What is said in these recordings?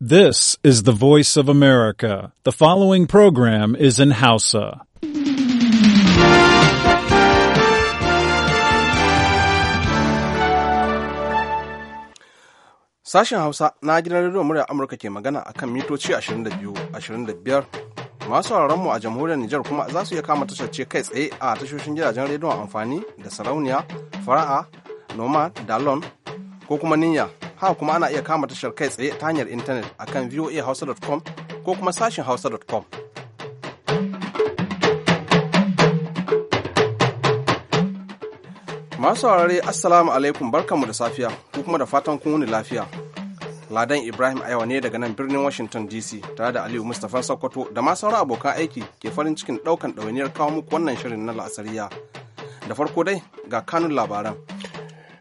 This is the voice of America. The following program is in Hausa. Sashen Hausa na gidan rediyon murya Amurka ke magana a kan mitoci 22-25 masu mu a jamhuriyar Nijar kuma za su iya kama tashar kai tsaye a tashoshin gidajen rediyon amfani da sarauniya, fara'a, noma, dalon, ko kuma niyya haka kuma ana iya kama tashar kai tsaye ta hanyar intanet akan voahausa.com ko kuma sashin hausa.com masu saurare assalamu alaikum barkanmu da safiya ko kuma da fatan kun wuni lafiya ladan ibrahim ayawa ne daga nan birnin washington dc tare da aliyu mustapha sokoto da ma sauran abokan aiki ke farin cikin ɗaukan ɗawainiyar kawo muku wannan shirin na la'asariya da farko dai ga kanun labaran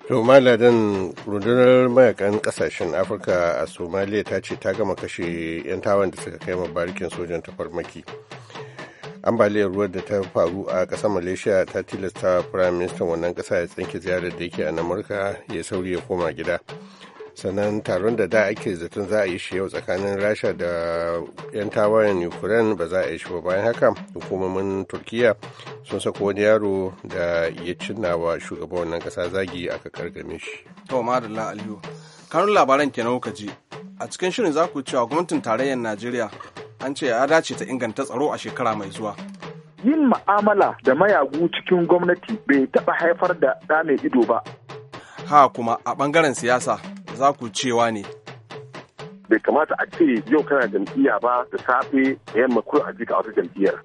To Maladin rundunar mayakan kasashen Afirka a Somalia ta ce ta gama kashe 'yan tawan da suka kai barikin sojan ta farmaki. Ambaliyar ruwa da ta faru a ƙasar Malaysia ta tilasta Prime Minister wannan ƙasa ya tsinke ziyarar da yake a Amurka ya sauri ya koma gida. sannan taron da da ake zaton za a yi shi yau tsakanin rasha da 'yan tawayen ukraine ba za a yi shi ba bayan haka hukumomin turkiya sun sako wani yaro da ya cinna wa shugaban wannan kasa zagi aka kargame shi to madalla aliyu kanun labaran kenan kuka ji a cikin shirin za ku cewa gwamnatin tarayyar najeriya an ce ya dace ta inganta tsaro a shekara mai zuwa yin ma'amala da mayagu cikin gwamnati bai taɓa haifar da ɗa mai ido ba ha kuma a ɓangaren siyasa za ku cewa ne bai kamata a ce yau kana jam'iyya ba da safe da yamma kur a jika wata jam'iyyar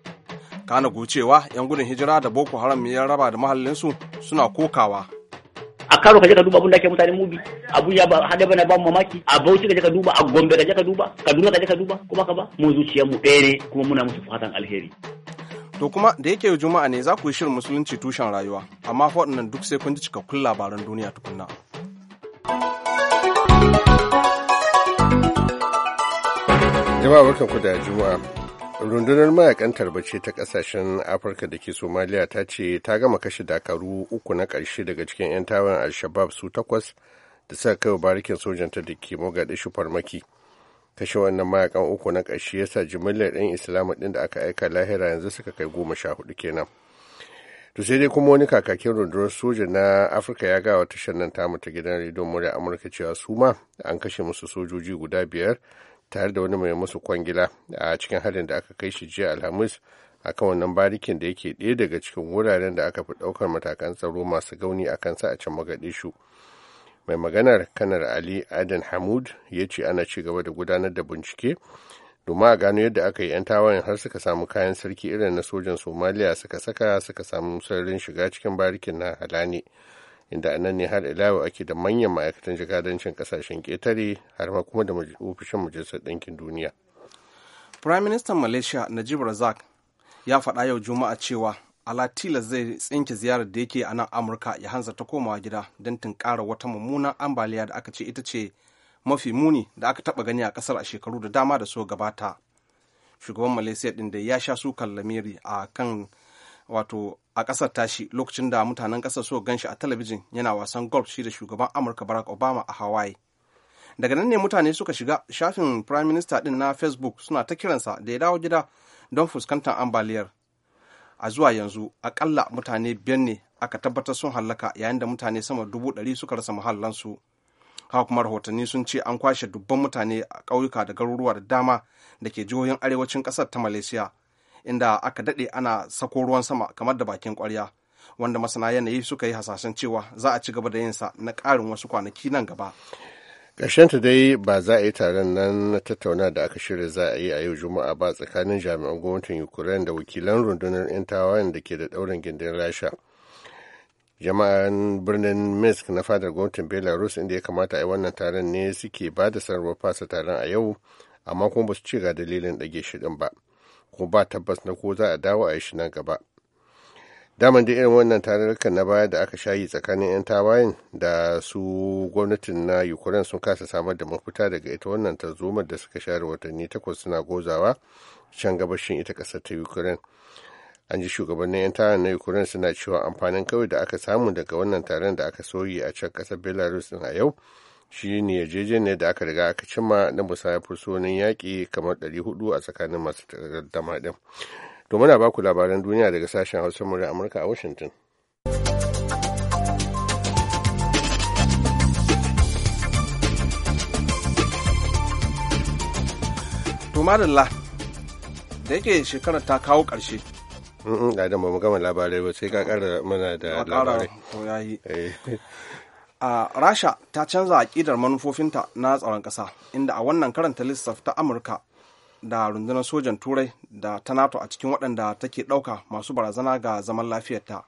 kana ku cewa yan gudun hijira da boko haram ya raba da mahallinsu suna kokawa a karo ka je ka duba abin da ake mutane mubi abu ya ba hada bana ba mamaki a bauchi ka je ka duba a gombe ka je ka duba kaduna ka je ka duba kuma ka ba mu zuciyar mu ɗaya ne kuma muna musu fatan alheri to kuma da yake juma'a ne za ku yi shirin musulunci tushen rayuwa amma waɗannan duk sai kun ji cikakkun labaran duniya tukunna Jama'a barkan ku da Juma'a. Rundunar mayakan tarbace ta kasashen Afirka da ke Somaliya ta ce ta gama kashe dakaru uku na ƙarshe daga cikin 'yan tawon al su takwas da suka kai barikin sojanta da ke Mogadishu farmaki. Kashe wannan mayakan uku na ƙarshe yasa jimillar yan Islamu ɗin da aka aika lahira yanzu suka kai goma sha hudu kenan. to sai dai kuma wani kakakin rundunar soja na afirka ya gawa tashar nan tamu ta gidan rediyon murya amurka cewa su ma an kashe musu sojoji guda biyar tare da wani mai musu kwangila a cikin harin da aka kai shi jiya alhamis a kan wannan barikin da yake ɗaya daga cikin wuraren da aka fi ɗaukar matakan tsaro masu gauni a kansa a can shu. mai maganar kanar ali adan hamud ya ce ana ci gaba da gudanar da bincike domin a gano yadda aka yi 'yan tawayen har suka samu kayan sarki irin na sojan somaliya suka saka suka samu sararin shiga cikin barikin na halani inda anan ne har ilawa ake da manyan ma'aikatan jikadancin kasashen ketare har ma kuma da ofishin majalisar ɗinkin duniya. Prime Minister Malaysia Najib Razak ya faɗa yau Juma'a cewa Alatila zai tsinke ziyarar da yake a nan Amurka ya hanza ta komawa gida don tunkara wata mummunan ambaliya da aka ce ita ce mafi muni da aka taɓa gani a kasar a shekaru da dama da so gabata. Shugaban Malaysia ɗin da ya sha sukan lamiri a kan wato a ƙasar tashi lokacin da mutanen ƙasar suka ganshi a talabijin yana wasan golf shi da shugaban amurka barack obama a hawaii daga nan ne mutane suka shiga shafin prime minister din na facebook suna ta kiransa da ya dawo gida don fuskantar ambaliyar a zuwa yanzu akalla mutane biyar ne aka tabbatar sun hallaka yayin da mutane sama dubu ɗari suka rasa muhallansu haka kuma rahotanni sun ce an kwashe dubban mutane a ƙauyuka da garuruwa da dama da ke jihohin arewacin ƙasar ta malaysia inda aka daɗe ana sako ruwan sama kamar da bakin ƙwarya wanda masana yanayi suka yi hasashen cewa za a ci gaba da yinsa na ƙarin wasu kwanaki nan gaba ta dai ba za a yi taron nan na tattauna da aka shirya za a yi a yau juma'a ba tsakanin jami'an gwamnatin ukraine da wakilan rundunar 'yan tawayen da ke da ɗaurin gindin rasha jama'an birnin minsk na fadar gwamnatin belarus inda ya kamata a yi wannan taron ne suke ba da sanarwar fasa taron a yau amma kuma ba su ci ga dalilin ɗage ɗin ba ko ba tabbas na ko za a dawo a yi shi nan gaba daman da irin wannan tarurrukan na baya da aka shayi tsakanin 'yan tawayen da su gwamnatin na ukraine sun kasa samar da mafita daga ita wannan tarzomar da suka share watanni takwas suna gozawa can gabashin ita kasar ta ukraine an ji shugabannin 'yan tawayen na ukraine suna cewa amfanin kawai da aka samu daga wannan taron da aka soyi a can kasar belarus din a yau shi ne yarjejeniyar da aka riga aka cima na musaya fursunonin yaƙi kamar 400 a tsakanin masu dama ɗin. To muna baku labaran duniya daga sashen Hausa murya Amurka a Washington. tumarilla da yake shekarar ta kawo ƙarshe. Da ba mu gama labarai ba sai ka ƙara mana da labarai. a rasha ta canza aƙidar manufofinta na tsaron ƙasa inda a wannan karanta lissaf ta amurka da rundunar sojan turai da ta nato a cikin waɗanda take ɗauka masu barazana ga zaman lafiyarta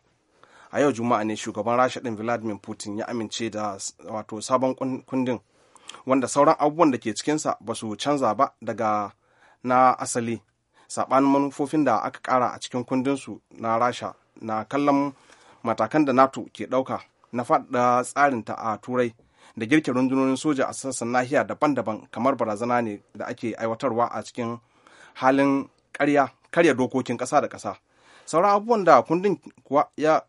a yau juma'a ne shugaban rasha ɗin vladimir putin ya amince da wato sabon kundin wanda sauran abubuwan da ke cikinsa ba su canza ba daga na asali saɓanin manufofin da aka ƙara a cikin kundinsu na rasha na kallon matakan da nato ke ɗauka na faɗaɗa tsarinta a turai da girki rundunonin soja a sassan nahiya daban-daban kamar barazana ne da ake aiwatarwa a cikin halin karya karya dokokin ƙasa da ƙasa sauran abubuwan da kundin kuwa ya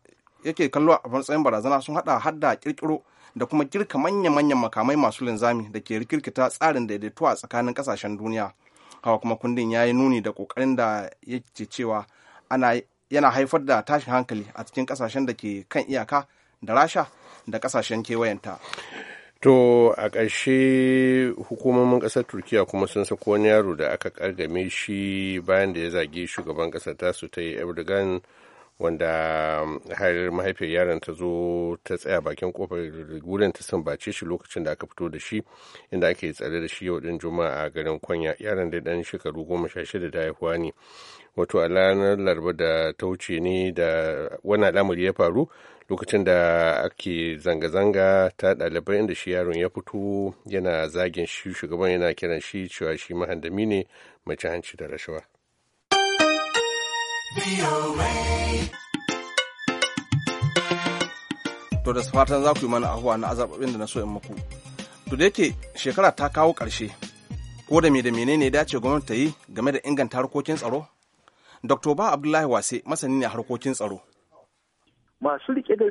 yake kallo a matsayin barazana sun haɗa hadda kirkiro da kuma girka manya-manyan makamai masu linzami da ke rikirkita tsarin daidaito a tsakanin ƙasashen duniya hawa kuma kundin ya yi nuni da kokarin da yake cewa ana yana haifar da tashin hankali a cikin kasashen da ke kan iyaka da rasha da kasashen kewayenta to a ƙarshe hukumomin ƙasar turkiya kuma sun sako wani yaro da aka ƙargame shi bayan da ya zage shugaban ƙasar su ta yi erdogan wanda har mahaifiyar yaron ta zo ta tsaya bakin kofar wurin ta bace shi lokacin da aka fito da shi inda ake tsare da shi yau din juma'a a garin kwanya yaron da dan shekaru goma sha shida da haihuwa ne wato a ranar laraba da ta wuce ne da wani al'amari ya faru lokacin da ake zanga-zanga ta ɗalibai inda shi yaron ya fito yana zagin shi shugaban yana kiran shi cewa shi mahandami ne mai hanci da rashawa. To da fatan za ku yi mana ahuwa na azababin da na so in muku. To da yake shekara ta kawo ƙarshe, ko da me da menene dace gwamnati ta yi game da inganta harkokin tsaro? Dr. Ba Abdullahi Wase masani ne harkokin tsaro. masu rike da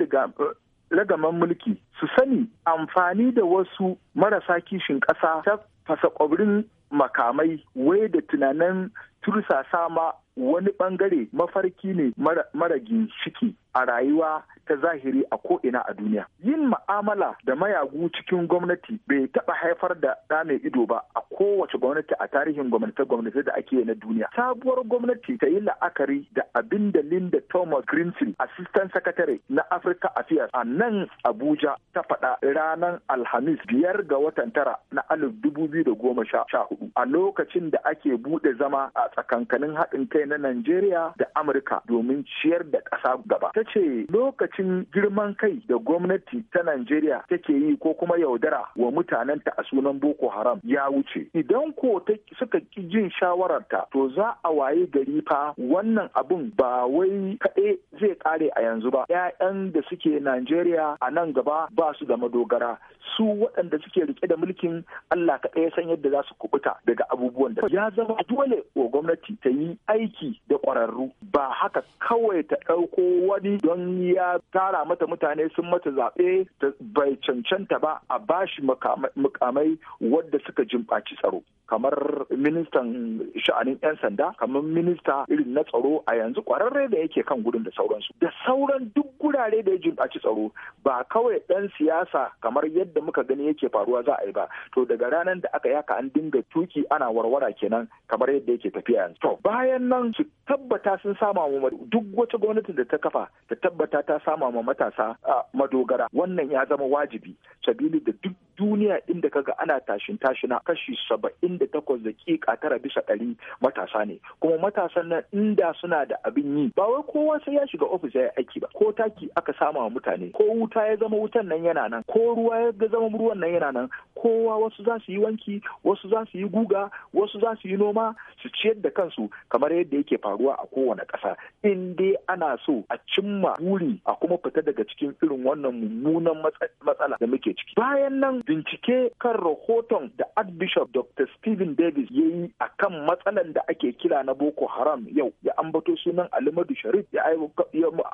ragaman mulki su sani amfani da wasu marasa kishin ƙasa ta fasa ƙwabrin makamai wai da tunanin tursasa ma wani ɓangare mafarki ne mara ginshiki a rayuwa ta zahiri a ko'ina a duniya. Yin ma'amala da mayagu cikin gwamnati bai taɓa haifar da ɗa mai ido ba a kowace gwamnati a tarihin gwamnati-gwamnati da ake na duniya. Sabuwar gwamnati ta yi la'akari da abin da Linda Thomas Greenfield, Assistant Secretary na Africa Affairs a nan Abuja ta faɗa ranar Alhamis biyar ga watan tara na alif dubu biyu da goma sha hudu a lokacin da ake buɗe zama a tsakankanin haɗin kai na Najeriya da Amurka domin ciyar da ƙasa gaba. Ta ce lokacin girman kai da gwamnati ta Najeriya take yi ko kuma yaudara wa mutanenta a sunan Boko Haram ya wuce. Idan ko suka ƙi jin shawararta to za a waye gari fa wannan abun ba wai kaɗai zai ƙare a yanzu ba. 'Ya'yan da suke Najeriya a nan gaba ba su da madogara su waɗanda suke rike da mulkin Allah ka ɗaya san yadda za su kubuta daga abubuwan da ya zama dole wa gwamnati ta yi aiki da ƙwararru ba haka kawai ta ɗauko wani don ya tara mata mutane sun mata zaɓe bai cancanta ba a bashi mukamai wadda suka jimɓaci tsaro kamar ministan sha'anin 'yan sanda kamar minista irin na tsaro a yanzu ƙwararre da yake kan gudun da sauransu da sauran duk gurare da ya jimɓaci tsaro ba kawai ɗan siyasa kamar yadda da muka gani yake faruwa za a yi ba to daga ranar da aka yaka an dinga tuki ana warwara kenan kamar yadda yake tafiya yanzu to bayan nan su tabbata sun sama mu duk wata gwamnati da ta kafa ta tabbata ta sama ma matasa madogara wannan ya zama wajibi sabili da duk duniya inda kaga ana tashin tashina kashi saba'in da takwas da kika tara bisa ɗari matasa ne kuma matasan nan inda suna da abin yi ba wai kowa sai ya shiga ofis ya yi aiki ba ko taki aka sama mutane ko wuta ya zama wutan nan yana nan ko ruwa ya ta zama ruwan nan yana nan kowa wasu za su yi wanki wasu za su yi guga wasu za su yi noma su ciyar da kansu kamar yadda yake faruwa a kowane ƙasa in dai ana so a cimma buri a kuma fita daga cikin irin wannan mummunan matsala da muke ciki bayan nan bincike kan rahoton da archbishop dr stephen davis ya yi a kan matsalan da ake kira na boko haram yau ya ambato sunan alimadu sharif ya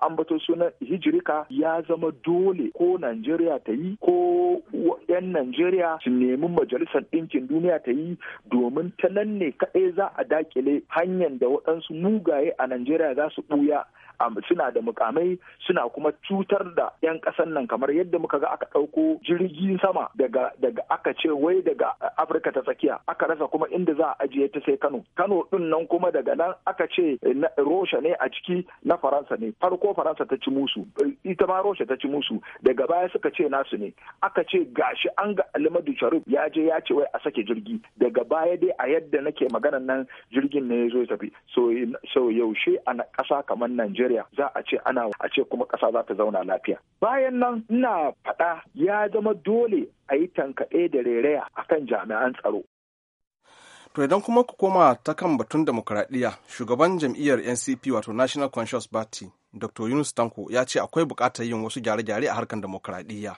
ambato sunan hijirika ya zama dole ko najeriya ta yi ko 'yan najeriya su nemi majalisar ɗinkin duniya ta yi domin ta nan ne kaɗai za a dakile hanyar da waɗansu mugaye a Najeriya za su ɓuya suna da mukamai suna kuma cutar da 'yan ƙasan nan kamar yadda muka ga aka ɗauko jirgin sama daga daga aka ce wai daga afirka ta tsakiya aka rasa kuma inda za a ajiye ta sai kano kano ɗin nan kuma daga nan aka ce eh, rosha ne a ciki na faransa ne farko faransa ta ci musu ita ma rosha ta ci musu daga baya suka ce nasu ne aka ce gashi an ga alimadu sharif ya je ya ce wai a sake jirgi daga baya dai a yadda nake maganan nan jirgin ne ya zo tafi so yaushe a ƙasa kamar najeriya Najeriya za a ce ana a ce kuma ƙasa za ta zauna lafiya. Bayan nan ina faɗa ya zama dole a yi tankaɗe da rereya kan jami'an tsaro. To idan kuma ku koma ta kan batun demokuraɗiyya, shugaban jam'iyyar NCP wato National Conscious Party, Dr. Yunus Tanko ya ce akwai buƙatar yin wasu gyare-gyare a harkar demokuraɗiyya.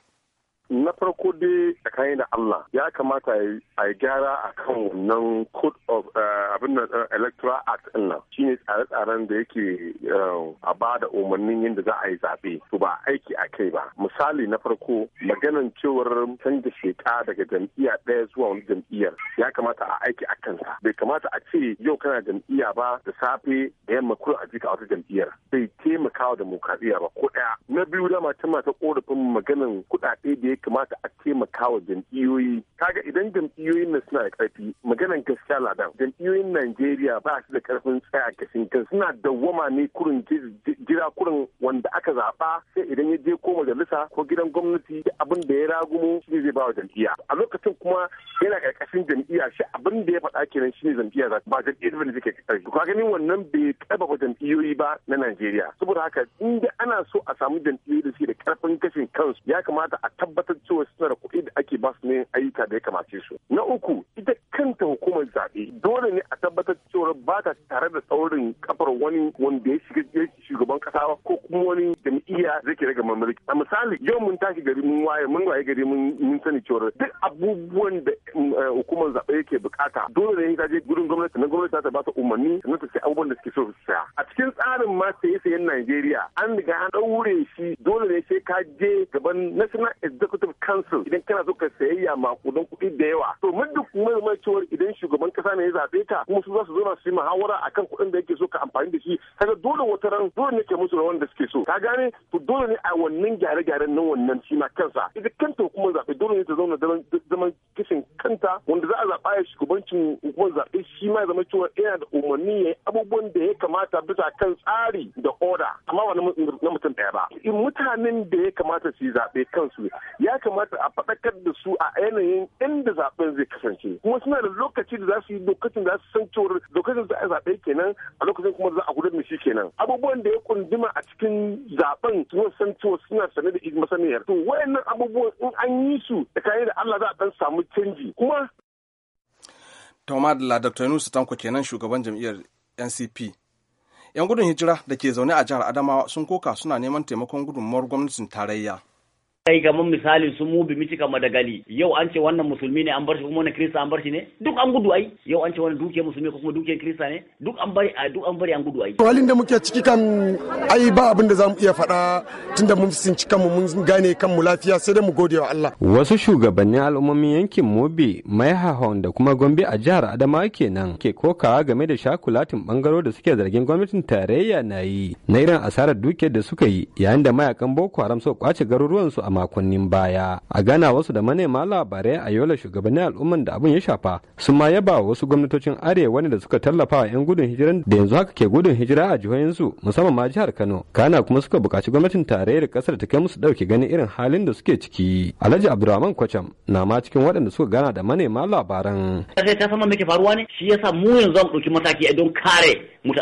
na farko dai tsakanin da Allah ya kamata a yi gyara a kan wannan code of eh, eh, electoral act din Shi ne tsare-tsaren da yake eh, a ba da umarnin yadda za a yi zaɓe to ba aiki a kai ba misali na farko maganan cewar canza sheka daga jam'iyya ɗaya zuwa wani jam'iyyar ya kamata a aiki a kansa bai kamata a ce yau kana jam'iyya ba da safe da yamma kullum a jika wata jam'iyar. bai taimakawa wa demokradiyya ba ko ɗaya na biyu dama tana ta korafin maganan kuɗaɗe da ya kamata a taimaka wa jam'iyyoyi kaga idan jam'iyyoyin na. suna da karfi maganan gaskiya ladan jam'iyyoyin najeriya ba su da karfin tsaya kashin kan suna dawwama ne kurin jira kurin wanda aka zaɓa. sai idan ya je ko majalisa ko gidan gwamnati abin da ya ragumo shi zai ba wa jam'iyya a lokacin kuma yana karkashin jam'iyya shi abin da ya faɗa kenan shi ne jam'iyya za ba jam'iyyar bane take karkashi ka ganin wannan bai ba jam'iyoyi ba na Najeriya saboda haka inda ana so a samu jam'iyyoyi da suke da karfin kashin kansu ya kamata a tabbatar cewa suna da kuɗi da ake ba su ne ayyuka da ya kamace su na uku ita kanta hukumar zaɓe dole ne a tabbatar cewa ba ta tare da tsaurin kafar wani wanda ya shiga shugaban kasa ba ko kuma wani jam'iyya zai ke daga mamlaki a misali yau mun tashi gari mun waye mun waye gari mun sani cewa duk abubuwan da mm, eh, hukumar zaɓe yake bukata dole ne ta je gurin gwamnati na gwamnati ta ba ta umarni sannan ta sai abubuwan da suke so su saya a cikin tsarin ma sai sayan Najeriya an riga an ɗaure shi dole ne sai ka je gaban National Executive Council idan kana so ka sayayya makudan kuɗi da yawa to muddin kuma mai cewar idan shugaban kasa ne ya zaɓe ka kuma su za su zo su yi muhawara akan kuɗin da yake so ka amfani da shi kaga dole wata ran dole ne ke musu rawan da suke so ka gane to dole ne a wannan gyare-gyaren na wannan shi ma kansa ita kanta hukumar zaɓe dole ne ta zauna zaman kishin kanta wanda za a zaɓa ya shugabancin hukumar zaɓe shi ma zama cewa yana da umarni ya yi abubuwan da ya kamata bisa kan tsari da oda amma ba na mutum ɗaya ba in mutanen da ya kamata su yi zaɓe kansu ya kamata a faɗakar da su a yanayin inda zaɓen zai kasance kuma suna da lokaci da za su yi lokacin da za su san cewar lokacin za a zaɓe kenan a lokacin kuma za a gudanar da shi kenan abubuwan da ya kunduma a cikin zaben sun san cewa suna sane da masaniyar to wayannan abubuwan in an yi su da kayan da Allah za a dan samu canji kuma Toma la Dr. Yunus Tanko kenan shugaban jam'iyyar NCP. 'Yan gudun hijira da ke zaune a jihar Adamawa sun koka suna neman taimakon gudunmawar gwamnatin tarayya. kai kamar misali su mu bi miti kama da gali yau an ce wannan musulmi ne an bar shi kuma wannan kirista an bar shi ne duk an gudu ai yau an ce wannan duke musulmi ko kuma duke kirista ne duk an bari duk an bari an gudu ai halin da muke ciki kan ai ba abin da zamu iya faɗa tunda mun sun sinci kanmu mun gane kan mu lafiya sai dai mu gode wa Allah wasu shugabannin al'ummomin yankin Mobi Maiha da kuma Gombe a jihar Adamawa kenan ke kokawa game da shakulatin bangaro da suke zargin gwamnatin tarayya na yi na irin asarar duke da suka yi yayin da mayakan Boko Haram suka kwace garuruwan su a makonnin baya a gana wasu da manema labarai a yola shugabannin al'umman da abin ya shafa sun ma yaba wasu gwamnatocin arewa ne da suka tallafa wa 'yan gudun hijiran da yanzu haka ke gudun hijira a jihohinsu musamman ma jihar kano kana kuma suka buƙaci gwamnatin tarayyar ƙasar ta kai musu ɗauke ganin irin halin da suke ciki alhaji abdulrahman kwacham na ma cikin waɗanda suka gana da manema labaran. sai ta sama muke faruwa ne shi yasa mu yanzu mu ɗauki mataki don kare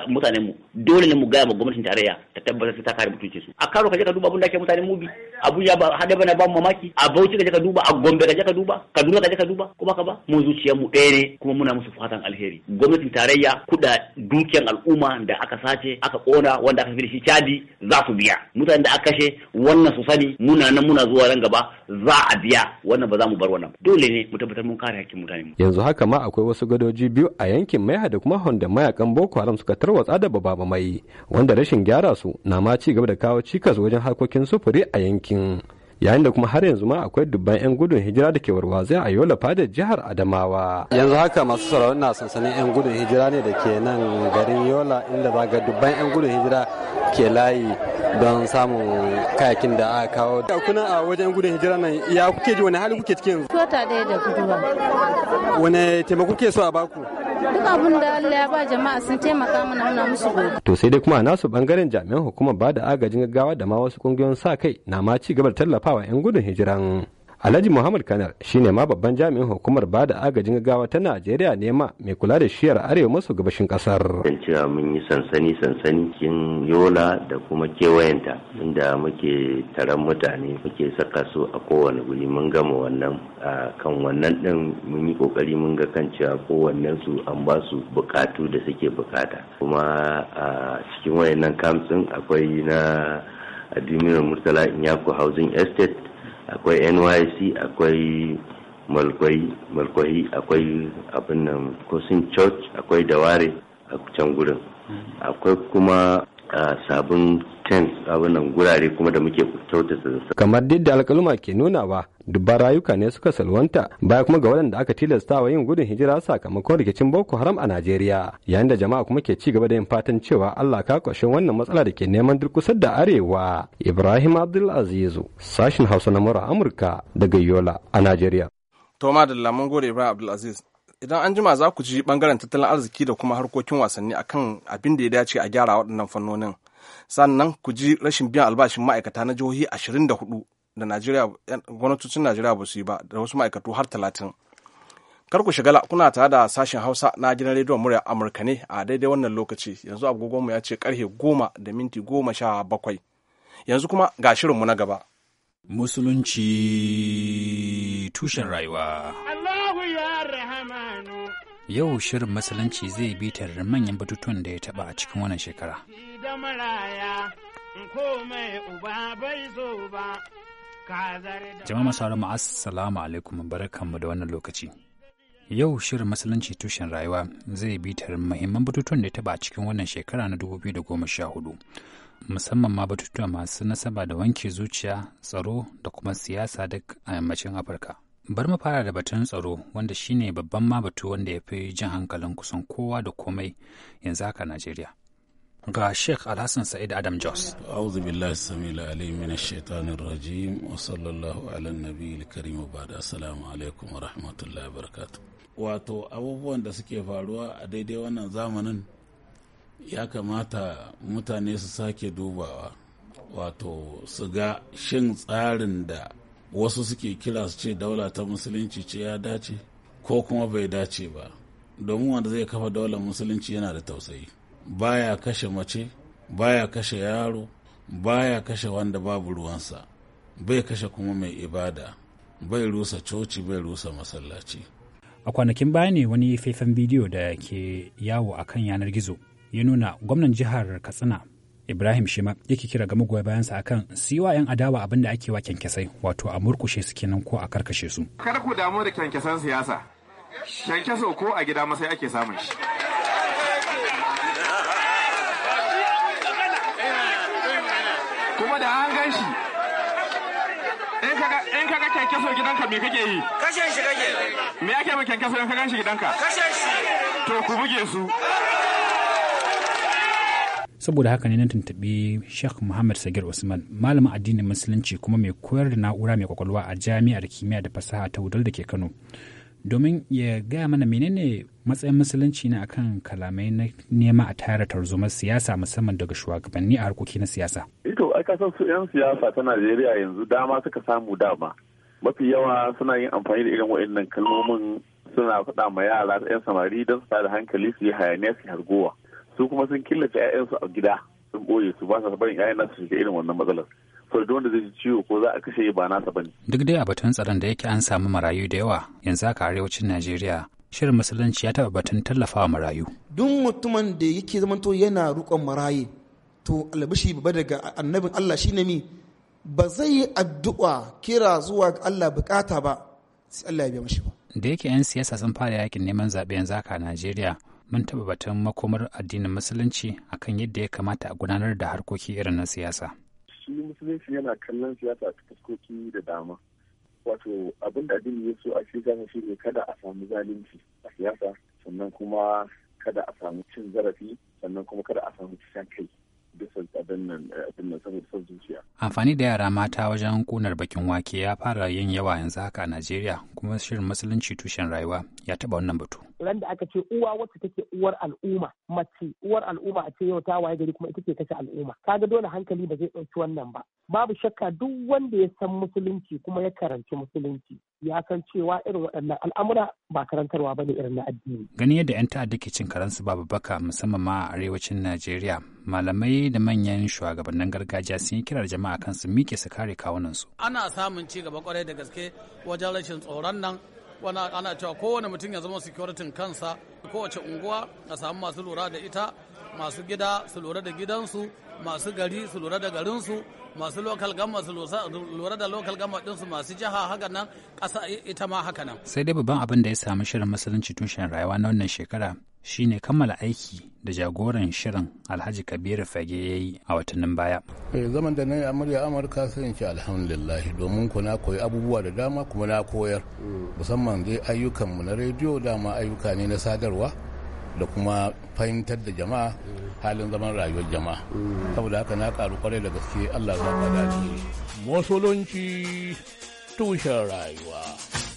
mutanen mu dole ne mu gaya ma gwamnatin tarayya ta tabbatar ta kare mutunci su a karo je ka duba abin da mutanen mu bi abun ya ba haɗe bana ban mamaki a Bauchi ka je ka duba a Gombe ka je ka duba Kaduna ka je ka duba kuma ka ba mu zuciyar mu ɗaya ne kuma muna musu fatan alheri gwamnatin tarayya kuɗa dukiyan al'umma da aka sace aka kona wanda aka fi shi cadi za su biya mutanen da aka kashe wannan su sani muna nan muna zuwa nan gaba za a biya wannan ba za mu bar wannan dole ne mu tabbatar mun kare hakkin mutane yanzu haka ma akwai wasu gadoji biyu a yankin Maiha da kuma Honda mayakan Boko Haram suka tarwatsa da baba mai wanda rashin gyara su na ma ci gaba da kawo cikas wajen harkokin sufuri a yankin yayin da kuma har yanzu ma akwai dubban 'yan gudun hijira da ke warwaze a yola fadar jihar adamawa yanzu haka masu sauraron na sansanin 'yan gudun hijira ne da ke nan garin yola inda za ga dubban 'yan gudun hijira ke layi don samun kayakin da aka kawo kuna a wajen 'yan gudun hijira nan ya kuke ji wani hali kuke cikin wata ɗaya da guduwa wani taimako kuke so a baku duk abin da Allah ya ba jama'a sun taimaka mana muna musu gobe to sai dai kuma nasu bangaren jami'an hukumar ba da agajin gaggawa da ma wasu kungiyoyin sa kai na ma ci gaba da tallafawa 'yan gudun hijiran Alhaji Muhammad Kanar shine ma babban jami'in hukumar ba da agajin gaggawa ta Najeriya ne ma mai kula da shiyar arewa maso gabashin kasar. Yan cewa mun yi sansani sansani kin Yola da kuma kewayenta inda muke taron mutane muke saka su a kowane guri mun gama wannan a kan wannan din mun yi kokari mun ga kan cewa kowanne su an ba su bukatu da suke bukata kuma a cikin wayannan kamsin akwai na Adimiyar Murtala yaku Housing Estate akwai nyc akwai malkwai akwai abin nan kusin church akwai daware a can gurin mm-hmm. akwai kuma sabon ten abunan gurare kuma da muke kyautata kamar duk da alkaluma ke nunawa dubban rayuka ne suka salwanta baya kuma ga waɗanda aka tilasta wa yin gudun hijira sakamakon rikicin boko haram a najeriya yayin da jama'a kuma ke ci gaba da yin fatan cewa allah ka kwashe wannan matsala da ke neman durkusar da arewa ibrahim Abdulazizu, sashin hausa na mura amurka daga yola a najeriya to da lamun gode ibrahim abdulaziz idan an jima za ku ji bangaren tattalin arziki da kuma harkokin wasanni kan abin da ya dace a gyara waɗannan fannonin sannan ku ji rashin biyan albashin ma'aikata na jihohi ashirin da najeriya gwamnatocin najeriya ba su yi ba da wasu ma'aikatu har talatin. kar ku shigala kuna tare da sashen hausa na gidan rediyon murya amurka ne a daidai wannan lokaci yanzu agogonmu ya ce karfe goma da minti goma sha bakwai yanzu kuma ga shirinmu na gaba musulunci tushen rayuwa yau shirin matsalanci zai bitar manyan batutuwan da ya taba a cikin wannan shekara. Jama'a masu mu assalamu alaikum mu da wannan lokaci. Yau shirin matsalanci tushen rayuwa zai bitar muhimman batutuwan da ya taba a cikin wannan shekara na sha hudu Musamman ma batutuwa masu nasaba da wanke zuciya, tsaro da kuma siyasa duk a yammacin Afirka. Bar mu fara da batun tsaro wanda shine babban ma batu wanda ya fi jin hankalin kusan kowa da komai yanzu haka Najeriya. ga Sheikh Alhassan Sa'id Adam Jos. A'udhu billahi samil alim min ash rajim wa sallallahu ala nabiyil karim wa ba'da assalamu alaikum wa rahmatullahi wa Wato abubuwan da suke faruwa a daidai wannan zamanin ya kamata mutane su sake dubawa wato su ga shin tsarin da wasu suke kira su ce daula ta musulunci ce ya dace ko kuma bai dace ba domin wanda zai kafa daula musulunci yana da tausayi baya kashe mace baya kashe yaro baya kashe wanda babu ruwansa bai kashe kuma mai ibada bai rusa coci bai rusa masallaci a kwanakin baya ne wani faifan bidiyo da ke yawo a kan yanar gizo ya nuna gwamnan jihar katsina ibrahim shima yake kira ga magoya bayansa akan siwa yan adawa abin da ake wa kyankyasai wato a murkushe su kenan ko a karkashe su kada ku damu da kyankyasan siyasa kyankyaso ko a gida masai ake samun shi kuma da an gan shi in kaga kyankyaso gidanka me kake yi kashe shi kake me ake ma kyankyaso in ka gan shi gidanka kashe shi to ku buge su saboda haka ne na tuntuɓi sheikh muhammad sagir usman malamin addinin musulunci kuma mai koyar da na'ura mai kwakwalwa a jami'ar kimiyya da fasaha ta wudal da ke kano domin ya gaya mana menene matsayin musulunci na akan kalamai na nema a tara tarzomar siyasa musamman daga shugabanni a harkoki na siyasa. Ito, eh a kasar su 'yan siyasa ta Najeriya yanzu dama suka samu dama. Mafi yawa suna yin amfani da irin waɗannan kalmomin suna faɗa ma yara 'yan samari don su da hankali su yi hayaniya su hargowa. su kuma sun killace 'ya'yansu a gida sun ɓoye su ba sa barin 'ya'yan nasu shiga irin wannan matsalar sau da wanda zai ji ciwo ko za a kashe ba nasa bane duk dai a batun tsaron da yake an samu marayu da yawa yanzu haka arewacin najeriya shirin musulunci ya taɓa batun tallafawa marayu duk mutumin da yake zamanto yana rukon maraye to albashi ba daga annabin allah shine mi ba zai yi addu'a kira zuwa ga allah bukata ba sai allah ya biya mashi ba da yake 'yan siyasa sun fara yakin neman zaɓe yanzu aka a najeriya mun taɓa batun makomar addinin musulunci akan yadda ya kamata a gudanar da harkoki irin na siyasa. Shi musulunci yana kallon siyasa ta fuskoki da dama. Wato abin da addini ya so a shi gane shi ne kada a samu zalunci a siyasa sannan kuma kada a samu cin zarafi sannan kuma kada a samu cikin kai zuciya. Amfani da yara mata wajen kunar bakin wake ya fara yin yawa yanzu haka a Najeriya kuma shirin musulunci tushen rayuwa ya taɓa wannan batu. ran da aka ce uwa wacce take uwar al'umma mace uwar al'umma a ce yau ta waye gari kuma ita ce kashe al'umma kaga dole hankali ba zai ɗauki wannan ba babu shakka duk wanda ya san musulunci kuma ya karanci musulunci ya san cewa irin waɗannan al'amura ba karantarwa ba ne irin na addini. Gani yadda 'yan ta'adda ke cin karansu babu baka musamman ma a arewacin Najeriya, malamai da manyan shugabannin gargajiya sun yi kirar jama'a kansu su mike su kare kawunansu. Ana samun ci gaba kwarai da gaske wajen rashin tsoron nan wana ana cewa kowane mutum ya zama securitin kansa kowace unguwa a samu masu lura da ita masu gida su lura da gidansu masu gari su lura da garinsu masu local gama su lura da local gama dinsu masu jiha haka nan ƙasa ita ma haka nan sai dai babban abin da ya samu shirin musulunci tushen rayuwa na wannan shekara shi ne kammala aiki da jagoran shirin alhaji kabiru fage ya yi a watannin baya. Eh, zaman da na yi amurya amurka sai in ce alhamdulillah domin ku na koyi abubuwa da dama kuma na koyar musamman dai mu na rediyo dama ayyuka ne na sadarwa da kuma fahimtar da jama'a halin zaman rayuwar jama'a saboda haka na karu kwarai da gaske allah za ka dace. masolonci tushen rayuwa.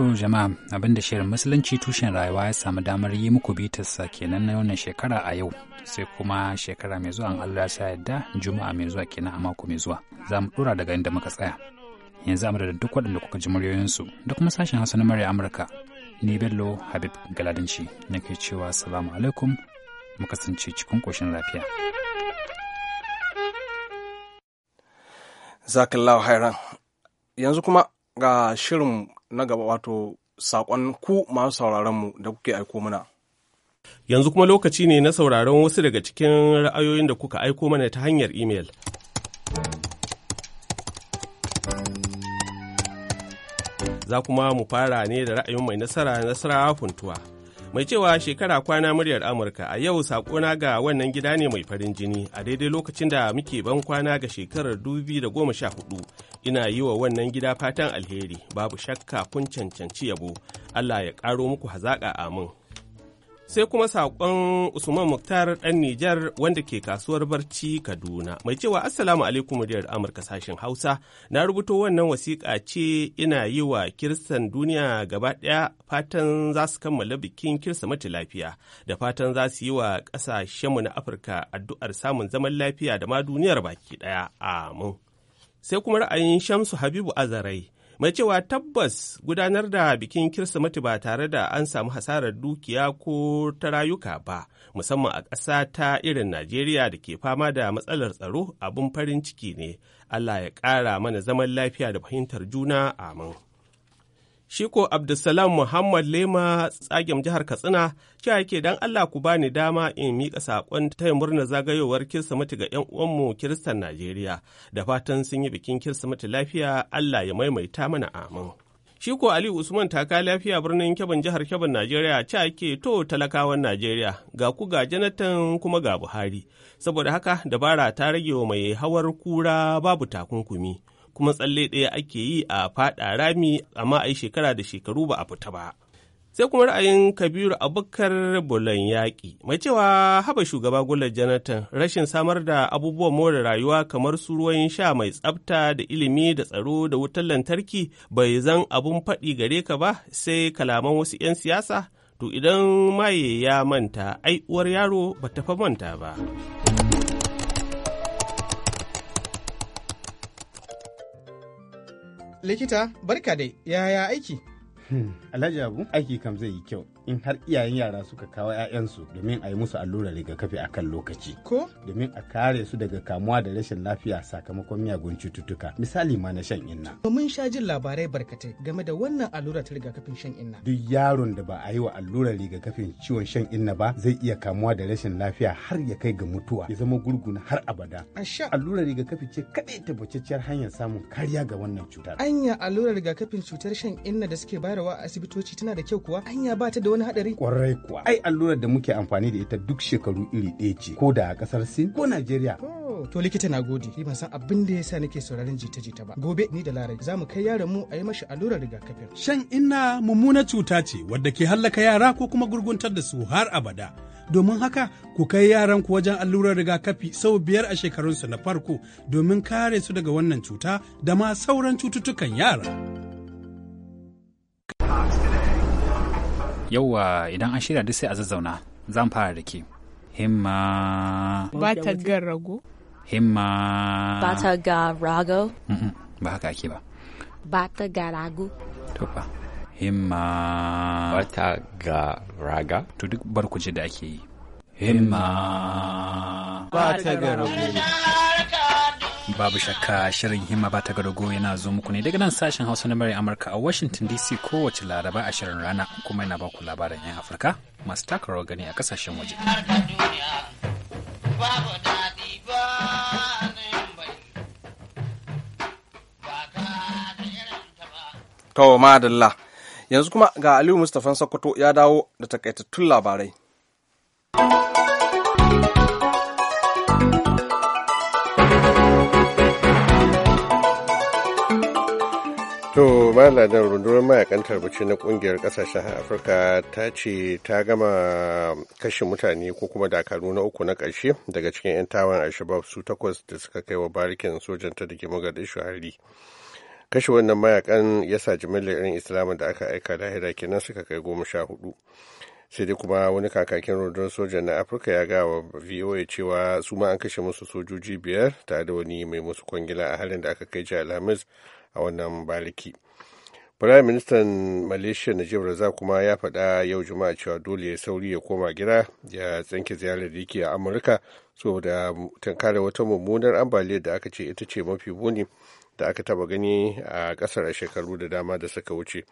To jama'a abinda shirin musulunci tushen rayuwa ya samu damar yi muku bitarsa kenan na wannan shekara a yau sai kuma shekara mai zuwa an Allah sa yadda juma'a mai zuwa kenan a mako mai zuwa za mu dora daga inda muka tsaya. Yanzu amma da duk waɗanda kuka ji muryoyinsu da kuma sashen Hausa na murya Amurka ni Bello Habib na nake cewa salamu alaikum mu kasance cikin ƙoshin lafiya. Zakallahu hairan yanzu kuma ga shirin na gaba wato saƙon ku masu sauraronmu da kuke aiko mana. Yanzu kuma lokaci ne na sauraron wasu daga cikin ra'ayoyin da kuka aiko mana ta hanyar imel. Za kuma mu fara ne da ra'ayin mai nasara nasara funtuwa. Mai cewa shekara kwana muryar Amurka a yau saƙona ga wannan gida ne mai farin jini a daidai lokacin da muke ban kwana ga shekarar 2014 ina yi wa wannan gida fatan alheri babu shakka kun cancanci yabo allah ya karo muku hazaƙa amin sai kuma saƙon usman muktar ɗan nijar wanda ke kasuwar barci kaduna mai cewa assalamu alaikum muryar amurka sashen hausa na rubuto wannan wasiƙa ce ina yi wa kirsan duniya gaba ɗaya fatan za su kammala bikin kirsimeti lafiya da fatan za su yi wa ƙasashenmu na afirka addu'ar samun zaman lafiya da ma duniyar baki ɗaya amin sai kuma ra'ayin Shamsu Habibu Azarai mai cewa tabbas gudanar da bikin Kirsimeti ba tare da an samu hasarar dukiya ko ta rayuka ba musamman a ƙasa ta irin Najeriya da ke fama da matsalar tsaro abin farin ciki ne. Allah ya ƙara mana zaman lafiya da fahimtar juna amin. Shi ko Abdulsalam Muhammad Lema tsagen jihar Katsina, cewa yake dan Allah ku bani dama in miƙa saƙon taya murna zagayowar Kirsimeti ga 'yan uwanmu Kiristan Najeriya, da fatan sun yi bikin Kirsimeti lafiya Allah ya maimaita mana amin. Shi ko Ali Usman taka lafiya birnin Kebban jihar Kebban Najeriya cewa yake to talakawan Najeriya ga ku ga Jonathan kuma ga Buhari. Saboda haka dabara ta rage wa mai hawar kura babu takunkumi. kuma tsalle ɗaya ake yi a faɗa rami amma a yi shekara da shekaru ba a fita ba. Sai kuma ra'ayin Kabiru Abubakar Bulan Yaƙi, mai cewa haba shugaba Gullar Jonathan rashin samar da abubuwan more rayuwa kamar su ruwan sha mai tsafta da ilimi da tsaro da wutar lantarki bai zan abun faɗi gare ka ba sai kalaman wasu 'yan siyasa, to idan maye ya manta ai uwar yaro ba ta fa manta ba. Likita, barka dai, yaya aiki? Hmm, Alhaji Abu, aiki kam zai yi kyau. in har iyayen yara suka kawo 'ya'yansu domin a yi musu allurar rigakafi a kan lokaci. Ko? Domin a kare su daga kamuwa da rashin lafiya sakamakon miyagun cututtuka. Misali ma na shan inna. Mun sha jin labarai barkatai game da wannan allurar ta rigakafin shan inna. Duk yaron da ba a yi wa allurar rigakafin ciwon shan inna ba zai iya kamuwa da rashin lafiya har ya kai ga mutuwa ya zama gurguna har abada. A sha Allurar rigakafi ce kaɗai tabbatacciyar hanyar samun kariya ga wannan cutar. Anya allurar rigakafin cutar shan inna da suke bayarwa a asibitoci tana da kyau kuwa? Anya ba ta da wani wani hadari kwarai kuwa ai allurar da muke amfani da ita duk shekaru iri ɗaya ce ko da a kasar sin ko najeriya to likita na gode ni ban san abin da yasa nake sauraron jita-jita ba gobe ni da larai za kai yaron mu a yi mashi allurar rigakafi shan inna mummuna cuta ce wadda ke hallaka yara ko kuma gurguntar da su har abada domin haka ku kai yaran ku wajen allurar rigakafi sau biyar a shekarunsu na farko domin kare su daga wannan cuta da ma sauran cututtukan yara. Yauwa idan an shirya duk sai a zazzauna zan fara da ke. Himma. Ba ta ga rago. Himma. Ba ta ga rago. Ba haka ake ba. Ba ta ga rago. To ba. Himma. Ba ta ga raga. To duk barkuce da ake yi. Himma. Ba ta ga rago. babu shakka shirin himma ba ta garago yana zo muku ne daga nan sashen hausa na mara amurka a washington dc kowace laraba a shirin rana kuma yana baku labaran 'yan afirka masu taka gani a kasashen waje madalla yanzu kuma ga aliyu mustafan sokoto ya dawo da takaitattun labarai To bayan ladan rundunar mayakan tarbaci na kungiyar kasashen Afirka ta ce ta gama kashe mutane ko kuma dakaru na uku na karshe daga cikin 'yan tawan Alshabab su takwas da suka kai wa barikin sojan ta da ke Mogadishu hari. Kashe wannan mayakan ya sa jimillar 'yan Islamu da aka aika lahira kenan suka kai goma sha hudu. Sai dai kuma wani kakakin rundunar sojan na Afirka ya gawa VOA cewa su ma an kashe musu sojoji biyar tare da wani mai musu kwangila a halin da aka kai jiya Alhamis a wannan baliki Prime minister Malaysia Najib Razak kuma ya faɗa yau Juma'a cewa dole ya sauri ya koma gida ya tsanke ziyarar da yake a Amurka saboda tankare wata mummunar ambaliyar da aka ce ita ce mafi muni da aka taba gani a ƙasar a shekaru da dama da suka wuce.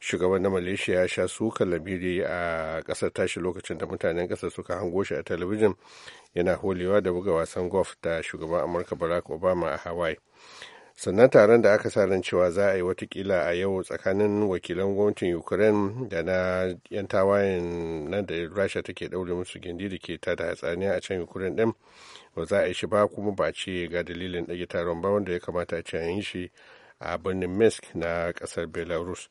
Shugaban na Malaysia ya sha suka lamiri a ƙasar tashi lokacin da mutanen ƙasar suka hango shi a talabijin yana holewa da buga wasan golf da shugaban Amurka Barack Obama a Hawaii. sannan taron da aka sa ran cewa za a yi watakila a yau tsakanin wakilan gwamnatin ukraine da na 'yan tawayen nan da rasha take daure musu gindi da ke tada hatsaniya a can ukraine ɗin ba za a yi shi ba kuma ba ce ga dalilin ɗage taron ba wanda ya kamata a ce yi shi a birnin minsk na ƙasar belarus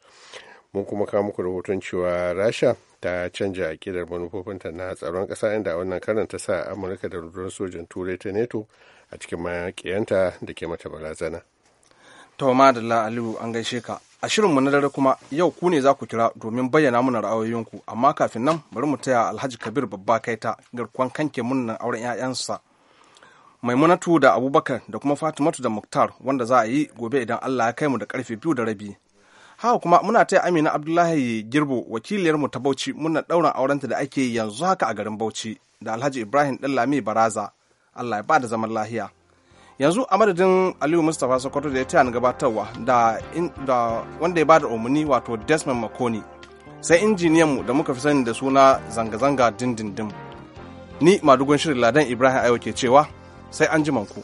mun kuma kawo muku rahoton cewa rasha ta canja aƙidar manufofinta na tsaron ƙasa inda wannan karan ta sa amurka da rundunar sojan turai ta neto a cikin mayaƙiyanta da ke mata barazana. Toma da Aliyu an gaishe ka. A shirinmu na dare kuma yau ku ne za ku kira domin bayyana mana ra'ayoyinku amma kafin nan bari mu taya Alhaji Kabir babba kaita garkon kanke munnan auren 'ya'yansa. Maimunatu da Abubakar da kuma Fatimatu da Muktar wanda za a yi gobe idan Allah ya kai mu da karfe biyu da rabi. Haka kuma muna taya Amina Abdullahi Girbo wakiliyarmu ta Bauchi muna ɗaurin aurenta da ake yanzu haka a garin Bauchi da Alhaji Ibrahim Dallami Baraza. Allah ya ba da zaman lahiya. yanzu a madadin aliyu mustapha sokoto da ya taya gabatarwa da, wanda ya ba da umarni wato desmond makoni sai injiniyan mu da muka fi sani da suna zanga-zanga dindindin ni madugun shirin ladan ibrahim ayo ke cewa sai an ku.